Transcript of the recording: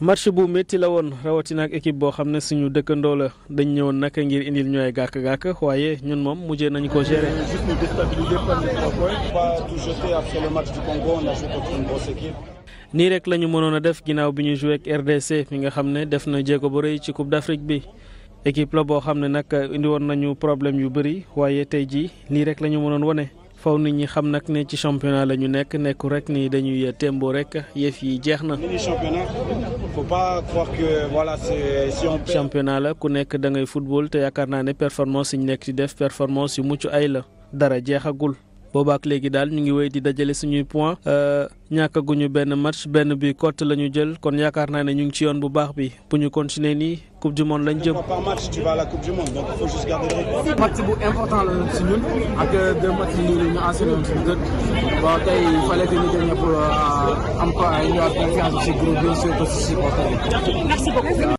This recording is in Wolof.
match bu métti la woon rawatina ak boo xam ne suñu dëkkandoo la dañ ñëwoon naka ngir indil ñooy gàkk-gàkk waaye ñun moom mujjee nañu ko gérer. nii rek la ñu mënoon a def ginnaaw bi ñuy joué ak RDC mi nga xam ne def na jéego ba rëy ci Coupe d'Afrique bi. équipe la boo xam ne nag indi woon nañu problème yu bari waaye tey jii nii rek lañu mënoon wane. faw nit ñi xam nag ni ci championnat la ñu nekk nekkul rek nii dañuy tembo rek yëf yi jeex na. championnat la ku nekk da ngay football te yaakaar naa ne performance yi nekk di def performance yu mucc ay la dara jeexagul. boobaak léegi daal ñu ngi wéy di dajale suñuy point euh, ñàkkaguñu benn match benn bi cote la ñu jël kon yaakaar naa ne ñu ngi ci yoon bu baax bi bu ñu continuer nii coupe du monde lañ jëm. par match tu